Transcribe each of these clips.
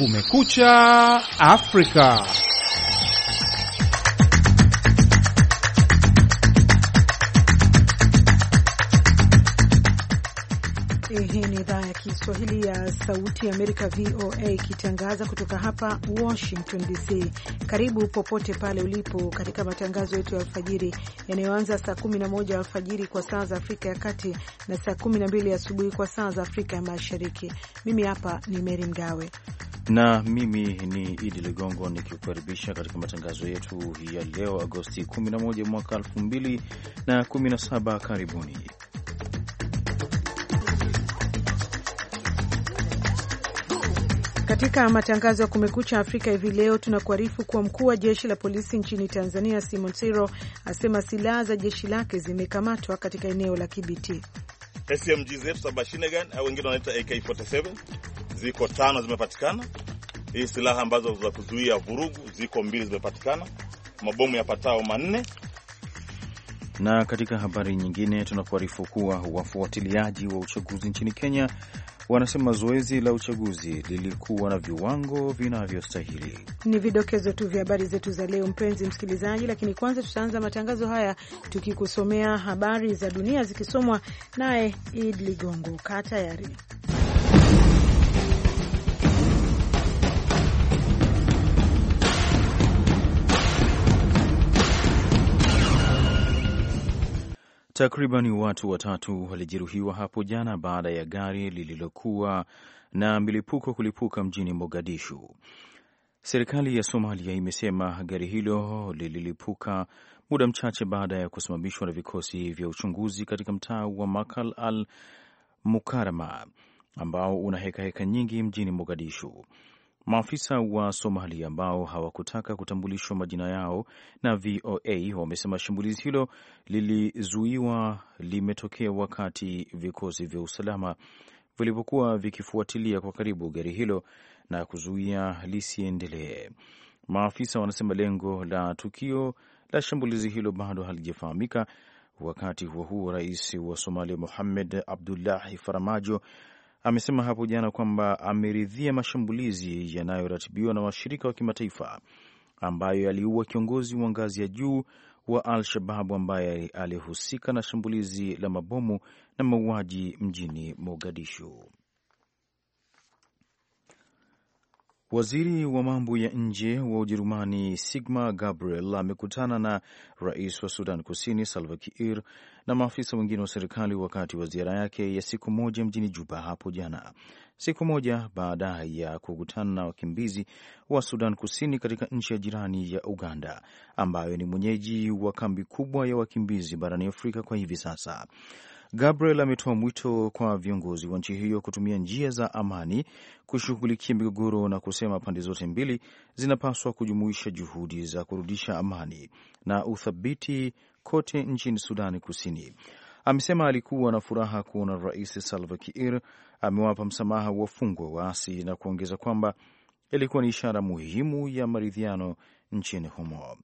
Kumekucha Afrika. Hii ni idhaa ya Kiswahili ya Sauti ya Amerika, VOA, ikitangaza kutoka hapa Washington DC. Karibu popote pale ulipo katika matangazo yetu ya alfajiri yanayoanza saa 11 alfajiri kwa saa za Afrika ya Kati na saa 12 asubuhi kwa saa za Afrika ya Mashariki. Mimi hapa ni Meri Mgawe na mimi ni Idi Ligongo nikikukaribisha katika matangazo yetu ya leo Agosti 11 mwaka 2017. Karibuni. Katika matangazo ya Kumekucha Afrika hivi leo tunakuarifu kuwa mkuu wa jeshi la polisi nchini Tanzania Simon Siro asema silaha za jeshi lake zimekamatwa katika eneo la Kibiti. SMG zetu za machine gun au wengine wanaita AK47 ziko tano zimepatikana. Hii silaha ambazo za kuzuia vurugu ziko mbili zimepatikana, mabomu yapatao manne. Na katika habari nyingine tunakuarifu kuwa wafuatiliaji wa uchaguzi nchini Kenya wanasema zoezi la uchaguzi lilikuwa na viwango vinavyostahili. Ni vidokezo tu vya habari zetu za leo, mpenzi msikilizaji, lakini kwanza tutaanza matangazo haya tukikusomea habari za dunia zikisomwa naye Id Ligongo. Kaa tayari. Takriban watu watatu walijeruhiwa hapo jana baada ya gari lililokuwa na milipuko kulipuka mjini Mogadishu. Serikali ya Somalia imesema gari hilo lililipuka muda mchache baada ya kusimamishwa na vikosi vya uchunguzi katika mtaa wa Makal al Mukarama ambao una hekaheka heka nyingi mjini Mogadishu. Maafisa wa Somalia ambao hawakutaka kutambulishwa majina yao na VOA wamesema shambulizi hilo lilizuiwa, limetokea wakati vikosi vya usalama vilivyokuwa vikifuatilia kwa karibu gari hilo na kuzuia lisiendelee. Maafisa wanasema lengo la tukio la shambulizi hilo bado halijafahamika. Wakati huo huo, rais wa Somalia Mohamed Abdullahi Faramajo amesema hapo jana kwamba ameridhia mashambulizi yanayoratibiwa na washirika wa kimataifa ambayo yaliua kiongozi wa ngazi ya juu wa Al-Shababu ambaye alihusika na shambulizi la mabomu na mauaji mjini Mogadishu. Waziri wa mambo ya nje wa Ujerumani Sigmar Gabriel amekutana na rais wa Sudan Kusini Salva Kiir na maafisa wengine wa serikali wakati wa ziara yake ya siku moja mjini Juba hapo jana, siku moja baada ya kukutana na wakimbizi wa Sudan Kusini katika nchi ya jirani ya Uganda, ambayo ni mwenyeji wa kambi kubwa ya wakimbizi barani Afrika kwa hivi sasa. Gabriel ametoa mwito kwa viongozi wa nchi hiyo kutumia njia za amani kushughulikia migogoro na kusema pande zote mbili zinapaswa kujumuisha juhudi za kurudisha amani na uthabiti kote nchini Sudani Kusini. Amesema alikuwa na furaha kuona Rais Salva Kiir amewapa msamaha wafungwa waasi na kuongeza kwamba ilikuwa ni ishara muhimu ya maridhiano nchini humo.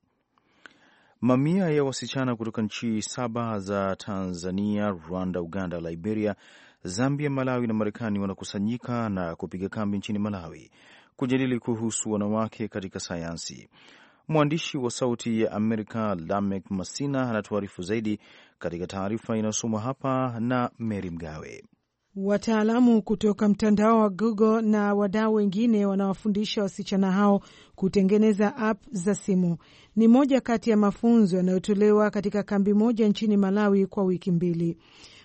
Mamia ya wasichana kutoka nchi saba za Tanzania, Rwanda, Uganda, Liberia, Zambia, Malawi na Marekani wanakusanyika na kupiga kambi nchini Malawi kujadili kuhusu wanawake katika sayansi. Mwandishi wa Sauti ya Amerika Lamek Masina anatuarifu zaidi katika taarifa inayosomwa hapa na Meri Mgawe. Wataalamu kutoka mtandao wa Google na wadau wengine wanawafundisha wasichana hao kutengeneza app za simu. Ni moja kati ya mafunzo yanayotolewa katika kambi moja nchini Malawi kwa wiki mbili.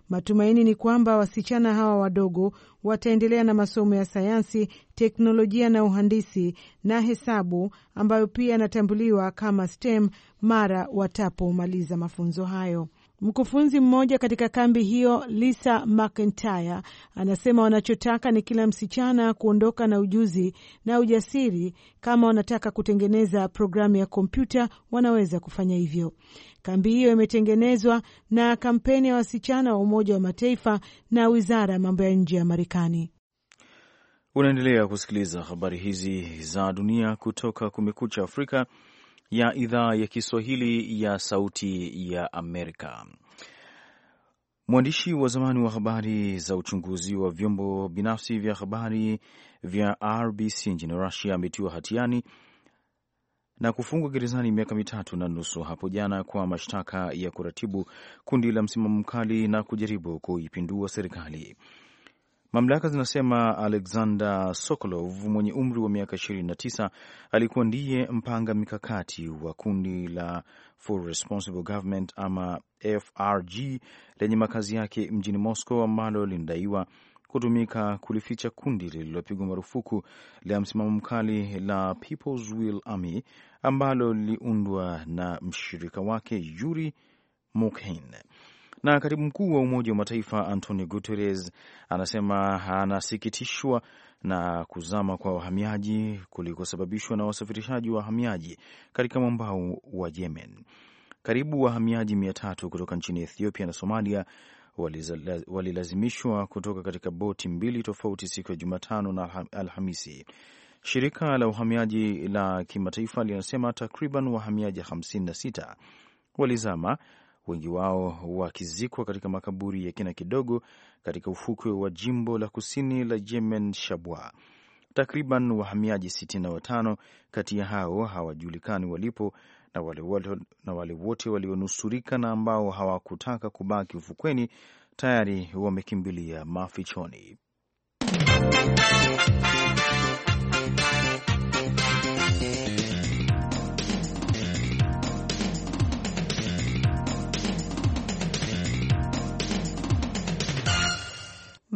Matumaini ni kwamba wasichana hawa wadogo wataendelea na masomo ya sayansi, teknolojia na uhandisi na hesabu ambayo pia yanatambuliwa kama STEM mara watapomaliza mafunzo hayo. Mkufunzi mmoja katika kambi hiyo, Lisa McIntyre, anasema wanachotaka ni kila msichana kuondoka na ujuzi na ujasiri. Kama wanataka kutengeneza programu ya kompyuta, wanaweza kufanya hivyo. Kambi hiyo imetengenezwa na kampeni ya wasichana wa Umoja wa Mataifa na wizara ya mambo ya nje ya Marekani. Unaendelea kusikiliza habari hizi za dunia kutoka Kumekucha Afrika ya idhaa ya Kiswahili ya Sauti ya Amerika. Mwandishi wa zamani wa habari za uchunguzi wa vyombo binafsi vya habari vya RBC nchini Russia ametiwa hatiani na kufungwa gerezani miaka mitatu na nusu hapo jana kwa mashtaka ya kuratibu kundi la msimamo mkali na kujaribu kuipindua serikali. Mamlaka zinasema Alexander Sokolov mwenye umri wa miaka 29 alikuwa ndiye mpanga mikakati wa kundi la Responsible Government ama FRG lenye makazi yake mjini Moscow ambalo linadaiwa kutumika kulificha kundi lililopigwa marufuku la msimamo mkali la People's Will Army ambalo liliundwa na mshirika wake Yuri Mukhin. Na katibu mkuu wa Umoja wa Mataifa Antonio Guterres anasema anasikitishwa na kuzama kwa wahamiaji kulikosababishwa na wasafirishaji wa wahamiaji katika mwambao wa Yemen. Karibu wahamiaji mia tatu kutoka nchini Ethiopia na Somalia walilazimishwa kutoka katika boti mbili tofauti siku ya Jumatano na Alhamisi. Shirika la uhamiaji la kimataifa linasema takriban wahamiaji 56 walizama wengi wao wakizikwa katika makaburi ya kina kidogo katika ufukwe wa jimbo la kusini la Yemen, Shabwa. Takriban wahamiaji 65 kati ya hao hawajulikani walipo na wale wote na wale wote walionusurika na ambao hawakutaka kubaki ufukweni tayari wamekimbilia mafichoni.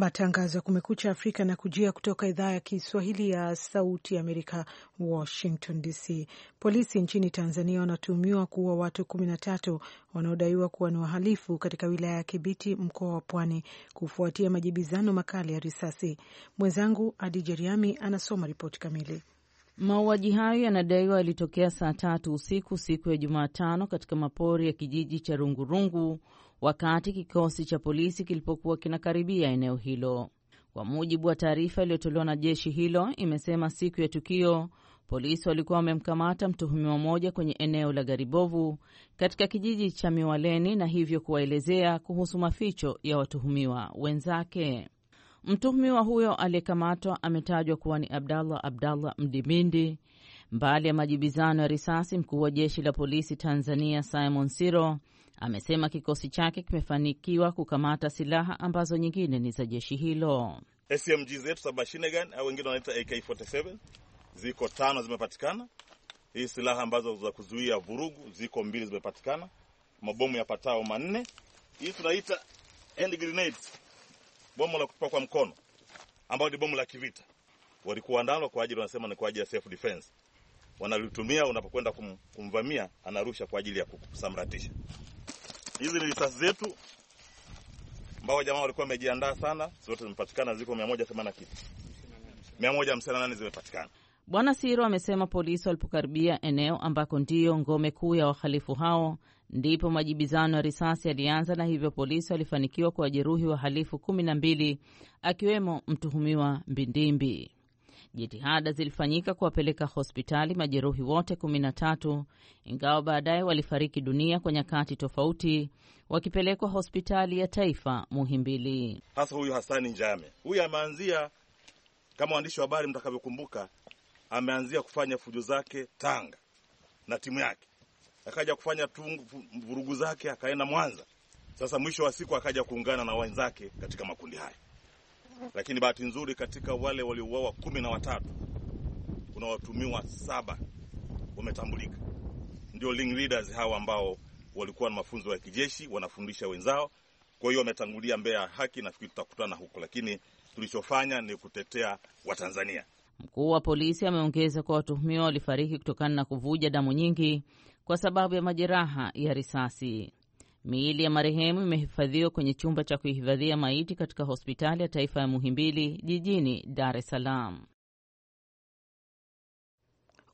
Matangazo ya Kumekucha Afrika na kujia kutoka idhaa ya Kiswahili ya Sauti ya Amerika, Washington DC. Polisi nchini Tanzania wanatuhumiwa kuua watu kumi na tatu wanaodaiwa kuwa ni wahalifu katika wilaya ya Kibiti, mkoa wa Pwani, kufuatia majibizano makali ya risasi. Mwenzangu Adi Jeriami anasoma ripoti kamili. Mauaji hayo yanadaiwa yalitokea saa tatu usiku siku ya Jumatano katika mapori ya kijiji cha Rungurungu wakati kikosi cha polisi kilipokuwa kinakaribia eneo hilo. Kwa mujibu wa taarifa iliyotolewa na jeshi hilo, imesema siku ya tukio polisi walikuwa wamemkamata mtuhumiwa mmoja kwenye eneo la Garibovu katika kijiji cha Miwaleni na hivyo kuwaelezea kuhusu maficho ya watuhumiwa wenzake. Mtuhumiwa huyo aliyekamatwa ametajwa kuwa ni Abdallah Abdallah Mdimindi. Mbali ya majibizano ya risasi, mkuu wa jeshi la polisi Tanzania Simon Siro amesema kikosi chake kimefanikiwa kukamata silaha ambazo nyingine ni za jeshi hilo. SMG zetu za machine gun au wengine wanaita AK47 ziko tano zimepatikana. Hii silaha ambazo za kuzuia vurugu ziko mbili zimepatikana, mabomu yapatao manne. Hii tunaita hand grenade, bomu la kutupa kwa mkono, ambayo ni bomu la kivita. Walikuwa nalo kwa ajili, wanasema ni kwa ajili ya self defense, wanalitumia unapokwenda kum, kumvamia, anarusha kwa ajili ya kusamratisha. Hizi ni risasi zetu ambao jamaa walikuwa wamejiandaa sana, zote zimepatikana, ziko 180 kitu 158 zimepatikana. Bwana Siro amesema polisi walipokaribia eneo ambako ndiyo ngome kuu ya wahalifu hao ndipo majibizano ya risasi yalianza, na hivyo polisi walifanikiwa kuwajeruhi wahalifu kumi na mbili akiwemo mtuhumiwa Mbindimbi. Jitihada zilifanyika kuwapeleka hospitali majeruhi wote kumi na tatu, ingawa baadaye walifariki dunia kwa nyakati tofauti wakipelekwa hospitali ya taifa Muhimbili. Hasa huyu Hasani Njame, huyu ameanzia kama waandishi wa habari mtakavyokumbuka, ameanzia kufanya fujo zake Tanga na timu yake, akaja kufanya vurugu zake, akaenda Mwanza. Sasa mwisho wa siku akaja kuungana na wenzake katika makundi haya lakini bahati nzuri katika wale waliouawa kumi na watatu kuna watumiwa saba wametambulika, ndio leaders hawa ambao walikuwa na mafunzo ya kijeshi wanafundisha wenzao. Kwa hiyo wametangulia mbele ya haki, nafikiri tutakutana huko, lakini tulichofanya ni kutetea Watanzania. Mkuu wa polisi ameongeza kuwa watuhumiwa walifariki kutokana na kuvuja damu nyingi kwa sababu ya majeraha ya risasi. Miili ya marehemu imehifadhiwa kwenye chumba cha kuhifadhia maiti katika hospitali ya taifa ya Muhimbili jijini Dar es Salaam.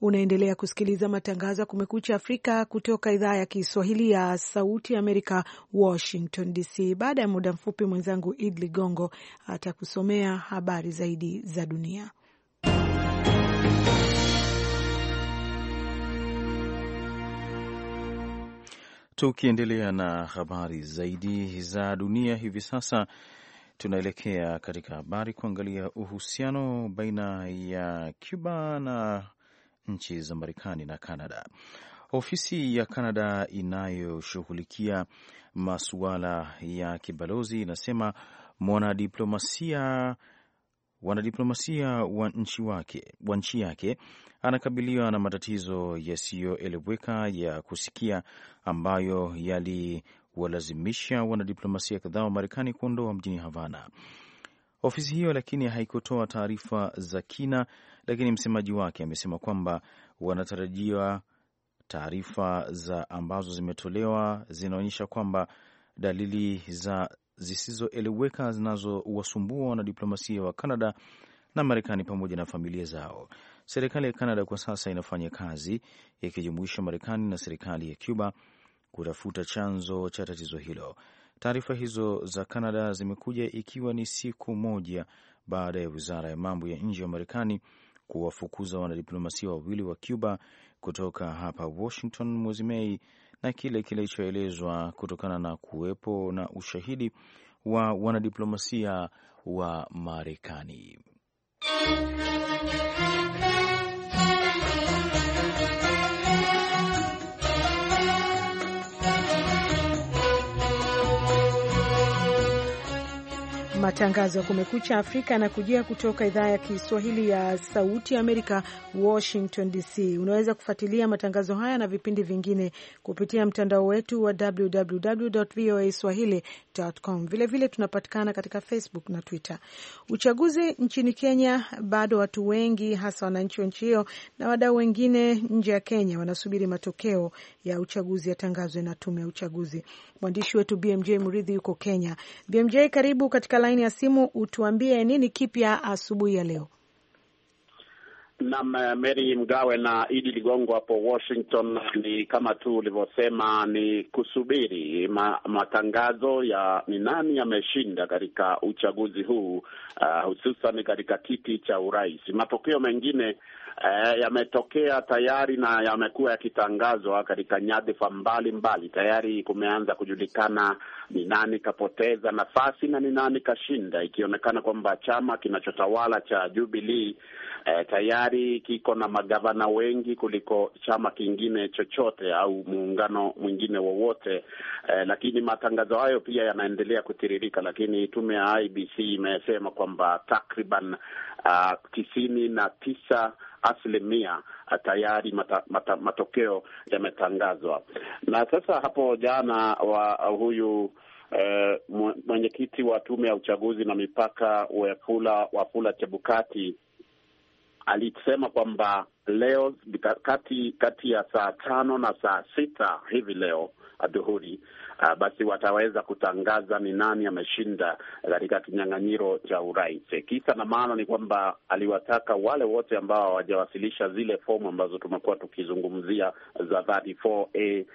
Unaendelea kusikiliza matangazo ya Kumekucha Afrika kutoka idhaa ya Kiswahili ya Sauti Amerika, Washington DC. Baada ya muda mfupi, mwenzangu Id Ligongo atakusomea habari zaidi za dunia. Tukiendelea na habari zaidi za dunia hivi sasa, tunaelekea katika habari kuangalia uhusiano baina ya Cuba na nchi za Marekani na Canada. Ofisi ya Canada inayoshughulikia masuala ya kibalozi inasema mwanadiplomasia wanadiplomasia wa nchi wake wa nchi yake anakabiliwa na matatizo yasiyoeleweka ya kusikia ambayo yaliwalazimisha wanadiplomasia kadhaa wa Marekani kuondoa mjini Havana ofisi hiyo, lakini haikutoa taarifa za kina. Lakini msemaji wake amesema kwamba wanatarajia taarifa za ambazo zimetolewa zinaonyesha kwamba dalili za zisizoeleweka zinazowasumbua wanadiplomasia wa Canada na Marekani pamoja na familia zao. Serikali ya Canada kwa sasa inafanya kazi yakijumuisha Marekani na serikali ya Cuba kutafuta chanzo cha tatizo hilo. Taarifa hizo za Canada zimekuja ikiwa ni siku moja baada ya wizara ya mambo ya nje ya Marekani kuwafukuza wanadiplomasia wawili wa Cuba kutoka hapa Washington mwezi Mei na kile kilichoelezwa kutokana na kuwepo na ushahidi wa wanadiplomasia wa Marekani. Matangazo ya Kumekucha Afrika yanakujia kutoka idhaa ya Kiswahili ya Sauti ya Amerika, Washington DC. Unaweza kufuatilia matangazo haya na vipindi vingine kupitia mtandao wetu wa www voa swahili.com. Vilevile tunapatikana katika Facebook na Twitter. Uchaguzi nchini Kenya, bado watu wengi, hasa wananchi wa nchi hiyo na wadau wengine nje ya Kenya, wanasubiri matokeo ya uchaguzi yatangazwe na tume ya uchaguzi. Mwandishi wetu BMJ Mridhi yuko Kenya. BMJ, karibu katika laini ya simu utuambie nini kipya asubuhi ya leo. Nam eh, Mary Mgawe na Idi Ligongo hapo Washington. Ni kama tu ulivyosema, ni kusubiri ma, matangazo ya ni nani ameshinda katika uchaguzi huu uh, hususan katika kiti cha urais. Matokeo mengine eh, yametokea tayari na yamekuwa yakitangazwa katika nyadhifa mbalimbali. Tayari kumeanza kujulikana ni nani kapoteza nafasi na ni nani kashinda, ikionekana kwamba chama kinachotawala cha Jubilee eh, tayari kiko na magavana wengi kuliko chama kingine chochote au muungano mwingine wowote eh, lakini matangazo hayo pia yanaendelea kutiririka, lakini tume ya IBC imesema kwamba takriban uh, tisini na tisa asilimia eh, tayari mata, mata, matokeo yametangazwa. Na sasa hapo jana wa huyu eh, mwenyekiti wa tume ya uchaguzi na mipaka Wafula Chebukati alisema kwamba leo kati kati ya saa tano na saa sita hivi leo adhuhuri, uh, basi wataweza kutangaza ni nani ameshinda katika kinyang'anyiro cha urais. Kisa na maana ni kwamba aliwataka wale wote ambao hawajawasilisha zile fomu ambazo tumekuwa tukizungumzia za 34A, eh,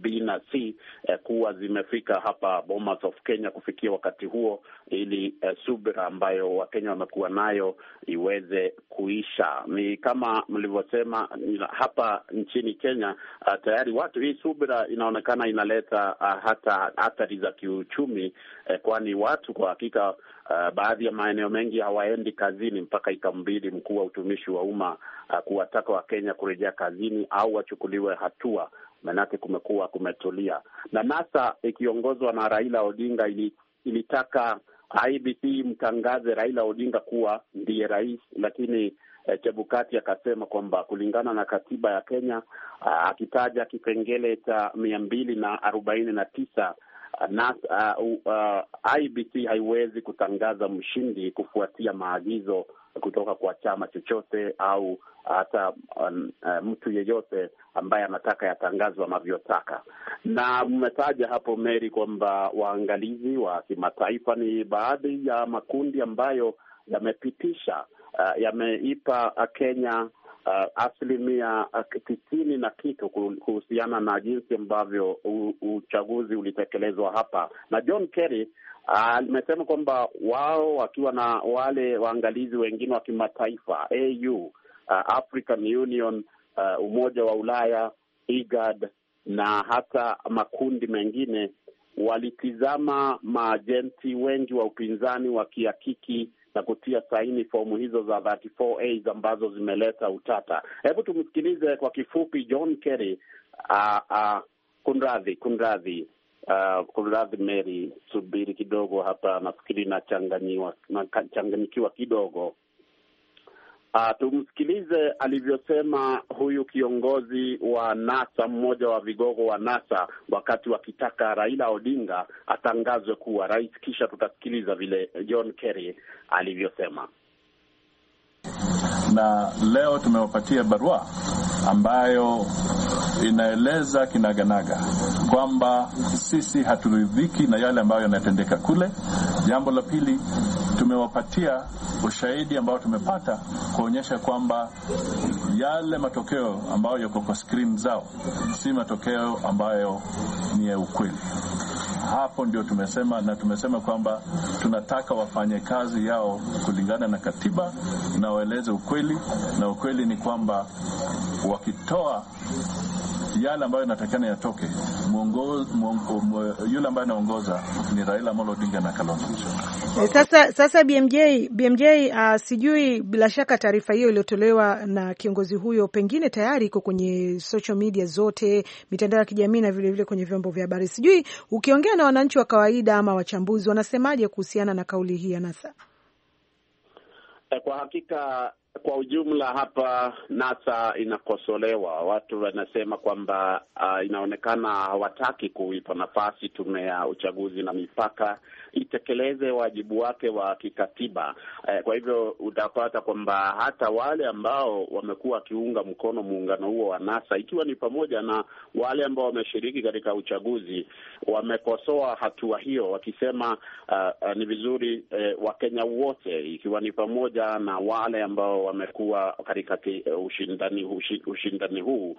B na C eh, kuwa zimefika hapa Bomas of Kenya kufikia wakati huo, ili eh, subira ambayo Wakenya wamekuwa nayo iweze kuisha. Ni kama ulivyosema, hapa nchini Kenya uh, tayari watu, hii subira inaonekana inaleta uh, hata athari za kiuchumi eh, kwani watu kwa hakika uh, baadhi ya maeneo mengi hawaendi kazini mpaka ikambidi mkuu wa utumishi wa umma uh, kuwataka Wakenya kurejea kazini au wachukuliwe hatua, manake kumekuwa kumetulia. Na NASA ikiongozwa na Raila Odinga ili, ilitaka IBC mtangaze Raila Odinga kuwa ndiye rais, lakini eh, Chebukati akasema kwamba kulingana na katiba ya Kenya, ah, akitaja kipengele cha mia mbili na arobaini na tisa ah, na uh, ah, uh, IBC haiwezi kutangaza mshindi kufuatia maagizo kutoka kwa chama chochote au hata um, uh, mtu yeyote ambaye anataka yatangazwe anavyotaka. Na mmetaja hapo Mary kwamba waangalizi wa kimataifa ni baadhi ya makundi ambayo yamepitisha uh, yameipa uh, Kenya uh, asilimia uh, tisini na kitu kuhusiana na jinsi ambavyo uchaguzi ulitekelezwa hapa, na John Kerry amesema uh, kwamba wao wakiwa na wale waangalizi wengine wa kimataifa AU, uh, African Union, uh, Umoja wa Ulaya, IGAD na hata makundi mengine walitizama maajenti wengi wa upinzani wakihakiki na kusaini fomu hizo za 34A ambazo zimeleta utata. Hebu tumsikilize kwa kifupi John Kerry. Uh, uh, kunradhi, kunradhi Uh, kunradhi Mary, subiri kidogo hapa, nafikiri nachanganyikiwa kidogo Uh, tumsikilize alivyosema huyu kiongozi wa NASA, mmoja wa vigogo wa NASA, wakati wakitaka Raila Odinga atangazwe kuwa rais, kisha tutasikiliza vile John Kerry alivyosema. Na leo tumewapatia barua ambayo inaeleza kinaganaga kwamba sisi haturidhiki na yale ambayo yanatendeka kule. Jambo la pili, tumewapatia ushahidi ambao tumepata kuonyesha kwamba yale matokeo ambayo yako kwa skrini zao si matokeo ambayo ni ya ukweli hapo ndio tumesema, na tumesema kwamba tunataka wafanye kazi yao kulingana na katiba na waeleze ukweli, na ukweli ni kwamba wakitoa yale ambayo inatakana yatoke, yule ambaye anaongoza ni Raila Amolo Odinga na Kalonzo Musyoka. E, sasa, sasa BMJ, BMJ uh, ah, sijui bila shaka taarifa hiyo iliyotolewa na kiongozi huyo pengine tayari iko kwenye social media zote, mitandao ya kijamii na vilevile kwenye vyombo vya habari. Sijui ukiongea na wananchi wa kawaida ama wachambuzi wanasemaje kuhusiana na kauli hii ya NASA? Eh, kwa hakika kwa ujumla hapa NASA inakosolewa, watu wanasema kwamba uh, inaonekana hawataki kuipa nafasi tume ya uchaguzi na mipaka itekeleze wajibu wake wa kikatiba. Uh, kwa hivyo utapata kwamba hata wale ambao wamekuwa wakiunga mkono muungano huo wa NASA, ikiwa ni pamoja na wale ambao wameshiriki katika uchaguzi, wamekosoa hatua hiyo, wakisema uh, uh, ni vizuri uh, Wakenya wote, ikiwa ni pamoja na wale ambao wamekuwa katika eh, ushindani, ushindani huu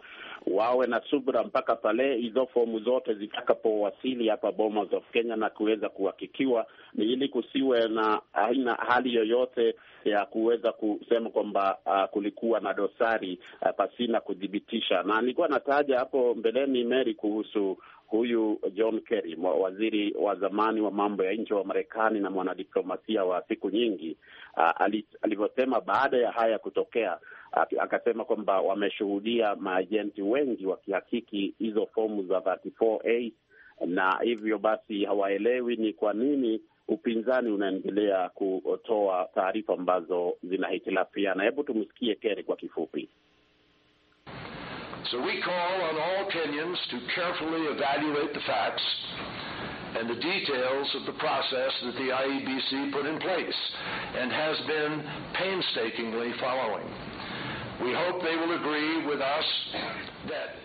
wawe na subra mpaka pale hizo fomu zote zitakapowasili hapa Bomas of Kenya na kuweza kuhakikiwa, ni ili kusiwe na aina hali yoyote ya kuweza kusema kwamba uh, kulikuwa na dosari uh, pasina kudhibitisha. Na nilikuwa nataja hapo mbeleni Mary kuhusu huyu John Kerry, waziri wa zamani wa mambo ya nje wa Marekani na mwanadiplomasia wa siku nyingi, uh, alivyosema baada ya haya kutokea, uh, akasema kwamba wameshuhudia maajenti wengi wakihakiki hizo fomu za 34A na hivyo basi hawaelewi ni kwa nini upinzani unaendelea kutoa taarifa ambazo zinahitilafiana. Hebu tumsikie Kerry kwa kifupi. So we call on all Kenyans to carefully evaluate the facts and the details of the process that the IEBC put in place and has been painstakingly following. We hope they will agree with us that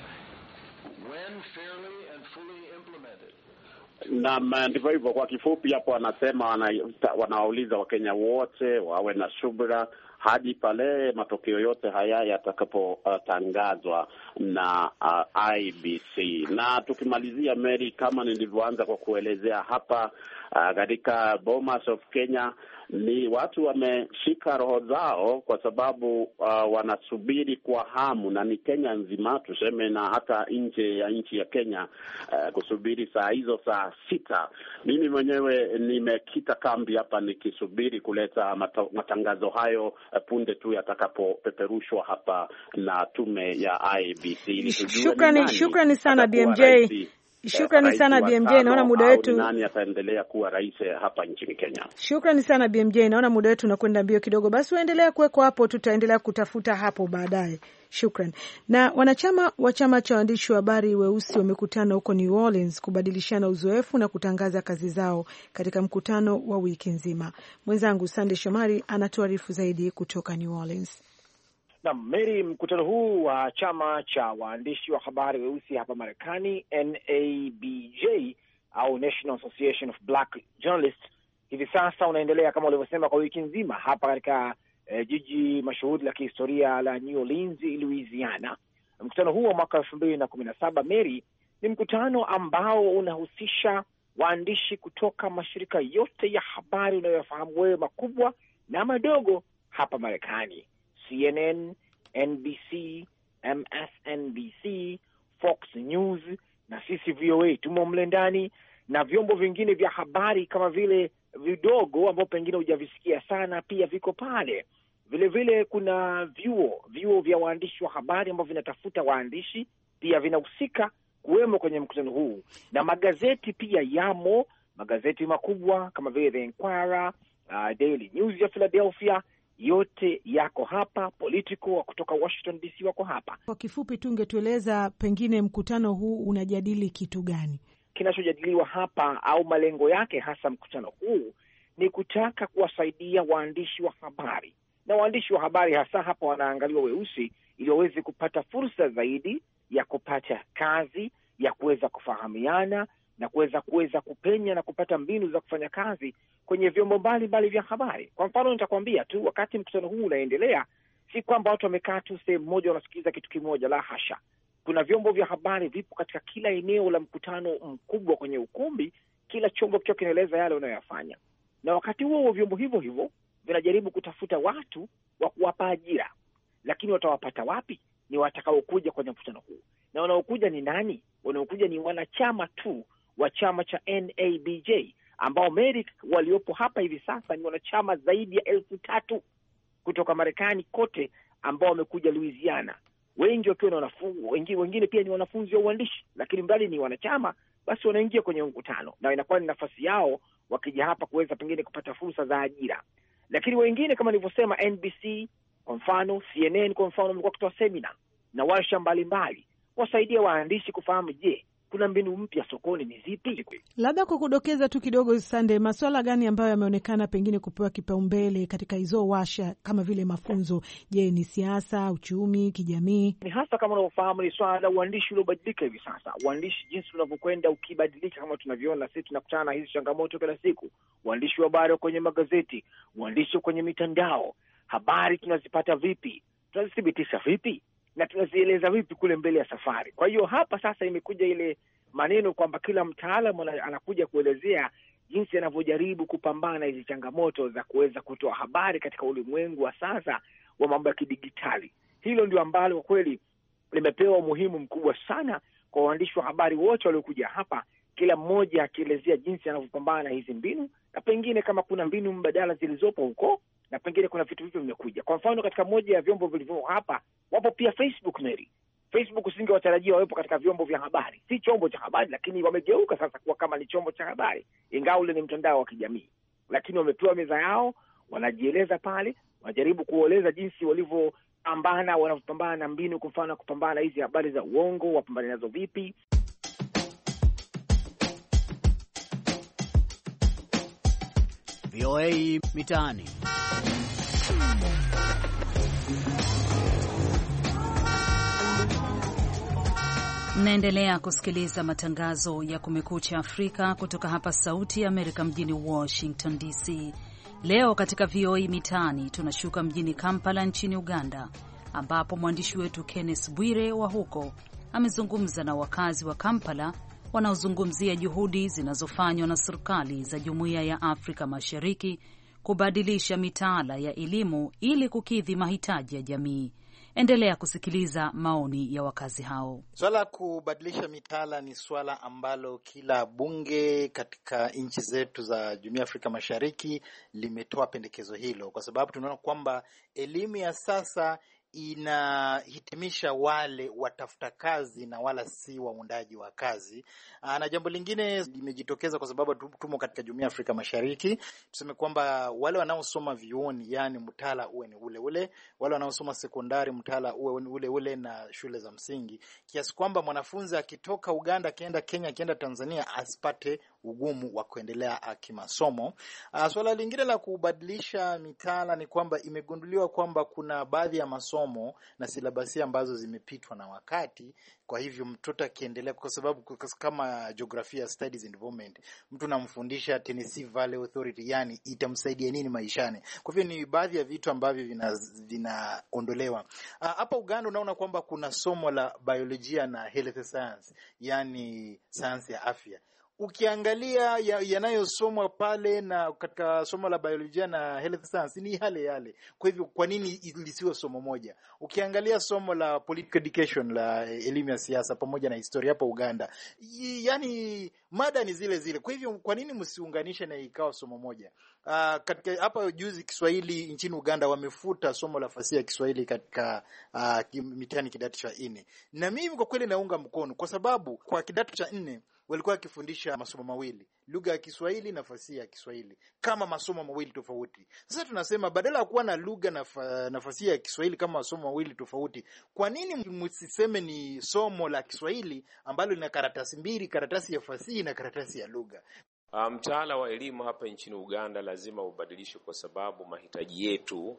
Naam, ndivyo hivyo. Kwa kifupi hapo, anasema wanawauliza Wakenya wote wawe na subira hadi pale matokeo yote haya yatakapotangazwa uh, na uh, IBC. Na tukimalizia Mary, kama nilivyoanza kwa kuelezea hapa Ah, katika Bomas of Kenya ni watu wameshika roho zao kwa sababu uh, wanasubiri kwa hamu, na ni Kenya nzima tuseme, na hata nje ya nchi ya Kenya uh, kusubiri saa hizo saa sita. Mimi mwenyewe nimekita kambi hapa nikisubiri kuleta mata, matangazo hayo punde tu yatakapopeperushwa hapa na tume ya IBC. Shukrani, shukrani sana BMJ. Shukrani sana BMJ, naona muda wetu. Nani ataendelea kuwa rais eh, hapa nchini Kenya? Shukrani sana BMJ, naona muda wetu unakwenda mbio kidogo, basi uendelea kuwekwa hapo, tutaendelea kutafuta hapo baadaye. Shukran. Na wanachama wa chama cha waandishi wa habari weusi wamekutana huko New Orleans kubadilishana uzoefu na kutangaza kazi zao katika mkutano wa wiki nzima. Mwenzangu Sande Shomari anatuarifu zaidi kutoka New Orleans. Na Meri, mkutano huu wa chama cha waandishi wa habari weusi hapa Marekani, NABJ au National Association of Black Journalists, hivi sasa unaendelea kama ulivyosema kwa wiki nzima hapa katika eh, jiji mashuhuri la kihistoria la New Orleans, Louisiana. Mkutano huu wa mwaka elfu mbili na kumi na saba Meri, ni mkutano ambao unahusisha waandishi kutoka mashirika yote ya habari unayoyafahamu wewe, makubwa na madogo hapa Marekani. CNN, NBC, MSNBC, Fox News na sisi VOA tumo mle ndani na vyombo vingine vya habari kama vile vidogo ambao pengine hujavisikia sana, pia viko pale. Vilevile vile kuna vyuo vyuo vya waandishi wa habari ambao vinatafuta waandishi, pia vinahusika kuwemo kwenye mkutano huu, na magazeti pia yamo, magazeti makubwa kama vile The Inquirer, uh, Daily News ya Philadelphia yote yako hapa, Politico wa kutoka Washington DC wako hapa. Kwa kifupi tu, ungetueleza pengine mkutano huu unajadili kitu gani? Kinachojadiliwa hapa au malengo yake hasa mkutano huu ni kutaka kuwasaidia waandishi wa habari na waandishi wa habari hasa hapa wanaangaliwa weusi, ili waweze kupata fursa zaidi ya kupata kazi, ya kuweza kufahamiana na kuweza kuweza kupenya na kupata mbinu za kufanya kazi kwenye vyombo mbalimbali vya habari. Kwa mfano, nitakuambia tu, wakati mkutano huu unaendelea, si kwamba watu wamekaa tu sehemu moja wanasikiliza kitu kimoja, la hasha. Kuna vyombo vya habari vipo katika kila eneo la mkutano mkubwa kwenye ukumbi, kila chombo kicho kinaeleza yale unayoyafanya, na wakati huo vyombo hivyo hivyo vinajaribu kutafuta watu wa kuwapa ajira, lakini watawapata wapi? Ni watakaokuja kwenye mkutano huu, na wanaokuja ni nani? Wanaokuja ni wanachama tu wa chama cha NABJ ambao Merrick waliopo hapa hivi sasa ni wanachama zaidi ya elfu tatu kutoka Marekani kote ambao wamekuja Louisiana, wengi wakiwa ni wanafunzi, wengine pia ni wanafunzi wa uandishi, lakini mradi ni wanachama, basi wanaingia kwenye mkutano na inakuwa ni nafasi yao wakija hapa kuweza pengine kupata fursa za ajira. Lakini wengine kama nilivyosema, NBC kwa mfano, CNN kwa mfano, wamekuwa wakitoa semina na warsha mbalimbali kuwasaidia waandishi kufahamu, je, kuna mbinu mpya sokoni ni zipi? Labda kwa kudokeza tu kidogo, Sande, maswala gani ambayo yameonekana pengine kupewa kipaumbele katika hizo washa kama vile mafunzo? Je, ni siasa, uchumi, kijamii? Ni hasa kama unavyofahamu, ni swala la uandishi uliobadilika hivi sasa. Uandishi jinsi unavyokwenda ukibadilika, kama tunavyoona sisi, tunakutana na hizi changamoto kila siku. Uandishi wa habari kwenye magazeti, uandishi kwenye mitandao, habari tunazipata vipi? Tunazithibitisha vipi? na tunazieleza vipi kule mbele ya safari. Kwa hiyo hapa sasa imekuja ile maneno kwamba kila mtaalamu anakuja kuelezea jinsi anavyojaribu kupambana hizi changamoto za kuweza kutoa habari katika ulimwengu wa sasa wa mambo ya kidigitali. Hilo ndio ambalo kwa kweli limepewa umuhimu mkubwa sana kwa waandishi wa habari wote waliokuja hapa, kila mmoja akielezea jinsi anavyopambana na hizi mbinu na pengine kama kuna mbinu mbadala zilizopo huko na pengine kuna vitu hivyo vimekuja. Kwa mfano, katika moja ya vyombo vilivyo hapa wapo pia Facebook Mary. Facebook watarajia wawepo katika vyombo vya habari, si chombo cha habari, lakini wamegeuka sasa kuwa kama ni chombo cha habari, ingawa ule ni mtandao wa kijamii, lakini wamepewa meza yao, wanajieleza pale, wanajaribu kuoleza jinsi walivyo wanavyopambana na mbinu, kwa mfano kupambana na hizi habari za uongo, wapambane nazo vipi? VOA Mitaani. Mnaendelea kusikiliza matangazo ya Kumekucha Afrika kutoka hapa Sauti ya Amerika mjini Washington DC. Leo katika VOA Mitaani tunashuka mjini Kampala nchini Uganda, ambapo mwandishi wetu Kenneth Bwire wa huko amezungumza na wakazi wa Kampala wanaozungumzia juhudi zinazofanywa na serikali za Jumuiya ya Afrika Mashariki kubadilisha mitaala ya elimu ili kukidhi mahitaji ya jamii. Endelea kusikiliza maoni ya wakazi hao. Swala la kubadilisha mitaala ni swala ambalo kila bunge katika nchi zetu za jumuiya ya Afrika Mashariki limetoa pendekezo hilo, kwa sababu tunaona kwamba elimu ya sasa inahitimisha wale watafuta kazi na wala si waundaji wa kazi. Ah, na jambo lingine limejitokeza kwa sababu tumo katika jumuiya ya Afrika Mashariki, tuseme kwamba wale wanaosoma vioni, yani mtaala uwe ni ule ule, wale wanaosoma sekondari mtaala uwe ni ule ule, na shule za msingi, kiasi kwamba mwanafunzi akitoka Uganda akienda Kenya akienda Tanzania asipate ugumu wa kuendelea ah, kimasomo. Ah, swala lingine la kubadilisha mitaala ni kwamba imegunduliwa kwamba kuna baadhi ya masomo masomo na silabasi ambazo zimepitwa na wakati. Kwa hivyo mtoto akiendelea, kwa sababu kama Geography Studies and Development, mtu namfundisha Tennessee Valley Authority, yani itamsaidia nini maishani? Kwa hivyo ni baadhi ya vitu ambavyo vinaondolewa vina hapa. Uganda unaona kwamba kuna somo la biolojia na health science, yani sayansi ya afya ukiangalia yanayosomwa ya pale na katika somo la biolojia na health science ni yale yale. Kwa hivyo kwa nini lisiwe somo moja? Ukiangalia somo la political education la elimu ya siasa pamoja na historia hapa Uganda, yani mada ni zile zile. Kwa hivyo kwa nini msiunganishe na ikawa somo moja? Uh, katika hapa juzi Kiswahili nchini Uganda wamefuta somo la fasihi ya Kiswahili katika uh, ah, mitihani kidato cha nne, na mimi kwa kweli naunga mkono kwa sababu kwa kidato cha nne walikuwa wakifundisha masomo mawili, lugha ya Kiswahili na fasihi ya Kiswahili kama masomo mawili tofauti. Sasa tunasema badala ya kuwa na lugha na, na fasihi ya Kiswahili kama masomo mawili tofauti, kwa nini msiseme ni somo la Kiswahili ambalo lina karatasi mbili, karatasi ya fasihi na karatasi ya lugha? Ah, mtaala wa elimu hapa nchini Uganda lazima ubadilishwe kwa sababu mahitaji yetu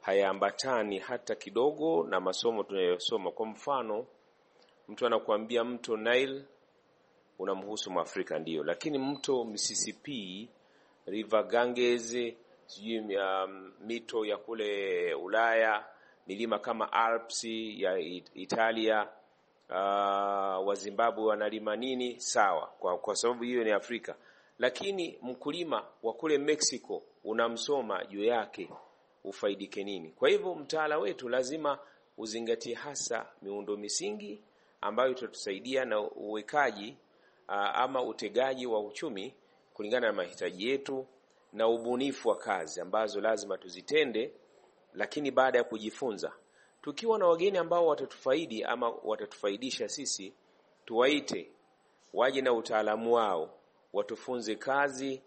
hayaambatani hata kidogo na masomo tunayosoma. Kwa mfano, mtu anakuambia mto Nile unamhusu Mwafrika ndio, lakini mto Mississippi, River Ganges, sijui um, mito ya kule Ulaya, milima kama Alps ya Italia, uh, Wazimbabwe wanalima nini? Sawa, kwa, kwa sababu hiyo ni Afrika, lakini mkulima wa kule Mexico unamsoma juu yake ufaidike nini? Kwa hivyo mtaala wetu lazima uzingatie hasa miundo misingi ambayo itatusaidia na uwekaji ama utegaji wa uchumi kulingana na mahitaji yetu na ubunifu wa kazi ambazo lazima tuzitende, lakini baada ya kujifunza, tukiwa na wageni ambao watatufaidi ama watatufaidisha sisi, tuwaite waje na utaalamu wao, watufunze kazi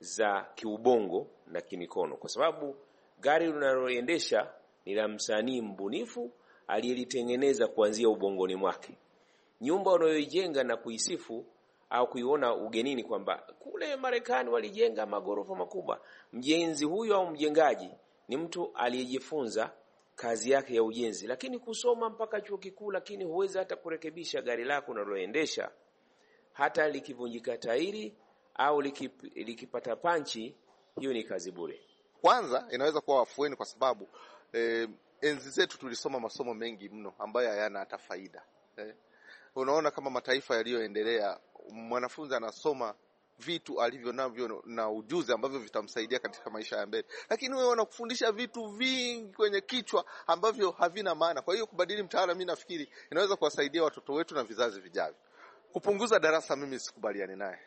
za kiubongo na kimikono, kwa sababu gari unaloendesha ni la msanii mbunifu aliyelitengeneza kuanzia ubongoni mwake. Nyumba unayoijenga na kuisifu au kuiona ugenini kwamba kule Marekani walijenga magorofa makubwa. Mjenzi huyo au mjengaji ni mtu aliyejifunza kazi yake ya ujenzi, lakini kusoma mpaka chuo kikuu, lakini huwezi hata kurekebisha gari lako unaloendesha. Hata likivunjika tairi au likip, likipata panchi, hiyo ni kazi bure. Kwanza inaweza kuwa wafueni kwa sababu eh, enzi zetu tulisoma masomo mengi mno ambayo hayana hata faida eh. Unaona, kama mataifa yaliyoendelea mwanafunzi anasoma vitu alivyo navyo na ujuzi ambavyo vitamsaidia katika maisha ya mbele, lakini wewe unakufundisha vitu vingi kwenye kichwa ambavyo havina maana. Kwa hiyo kubadili mtaala, mimi nafikiri inaweza kuwasaidia watoto wetu na vizazi vijavyo. Kupunguza darasa, mimi sikubaliani naye,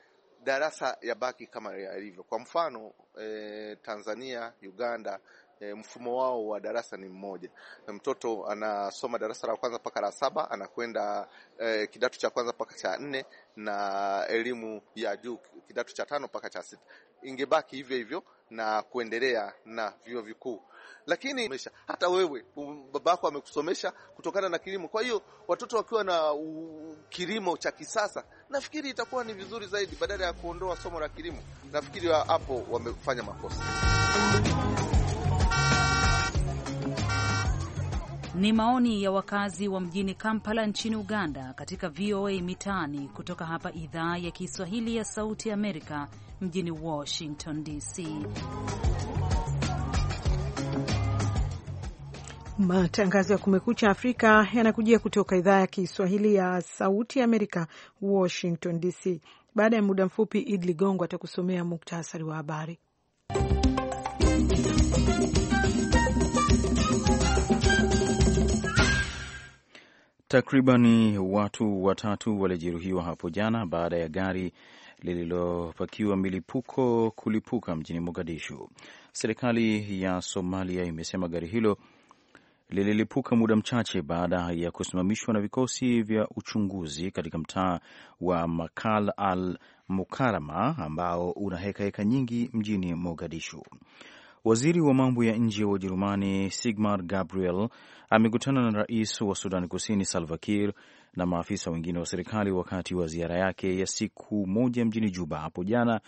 darasa ya baki kama yalivyo. Kwa mfano eh, Tanzania, Uganda E, mfumo wao wa darasa ni mmoja. Mtoto anasoma darasa la kwanza mpaka la saba, anakwenda e, kidato cha kwanza mpaka cha nne, na elimu ya juu kidato cha tano mpaka cha sita ingebaki hivyo hivyo na kuendelea na vyuo vikuu, lakini mesha, hata wewe babako amekusomesha kutokana na kilimo. Kwa hiyo watoto wakiwa na u, kilimo cha kisasa, nafikiri itakuwa ni vizuri zaidi badala ya kuondoa somo la kilimo. Nafikiri hapo wa, wamefanya makosa. Ni maoni ya wakazi wa mjini Kampala nchini Uganda katika VOA Mitaani kutoka hapa idhaa ya Kiswahili ya Sauti ya Amerika mjini Washington DC. Matangazo ya Kumekucha Afrika yanakujia kutoka idhaa ya Kiswahili ya Sauti ya Amerika, Washington DC. Baada ya muda mfupi, Id Ligongo atakusomea muktasari wa habari. Takribani watu watatu walijeruhiwa hapo jana baada ya gari lililopakiwa milipuko kulipuka mjini Mogadishu. Serikali ya Somalia imesema gari hilo lililipuka muda mchache baada ya kusimamishwa na vikosi vya uchunguzi katika mtaa wa Makal al Mukarama ambao una hekaheka nyingi mjini Mogadishu. Waziri wa mambo ya nje wa Ujerumani Sigmar Gabriel amekutana na rais wa Sudan Kusini Salva Kiir na maafisa wengine wa serikali wakati wa ziara yake ya siku moja mjini Juba hapo jana,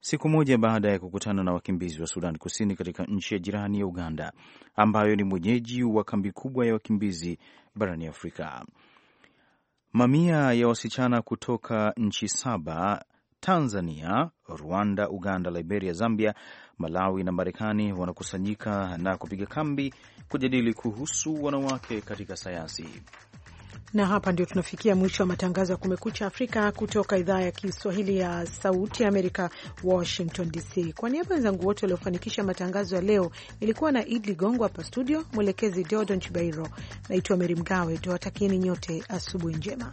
siku moja baada ya kukutana na wakimbizi wa Sudan Kusini katika nchi ya jirani ya Uganda ambayo ni mwenyeji wa kambi kubwa ya wakimbizi barani Afrika. Mamia ya wasichana kutoka nchi saba Tanzania, Rwanda, Uganda, Liberia, Zambia, Malawi na Marekani wanakusanyika na kupiga kambi kujadili kuhusu wanawake katika sayansi. Na hapa ndio tunafikia mwisho wa matangazo ya Kumekucha Afrika kutoka idhaa ya Kiswahili ya Sauti ya Amerika, Washington DC. Kwa niaba wenzangu wote waliofanikisha matangazo ya leo, ilikuwa na Idi Ligongo hapa studio, mwelekezi Deodon Nchibairo. Naitwa Meri Mgawe, tuwatakieni nyote asubuhi njema.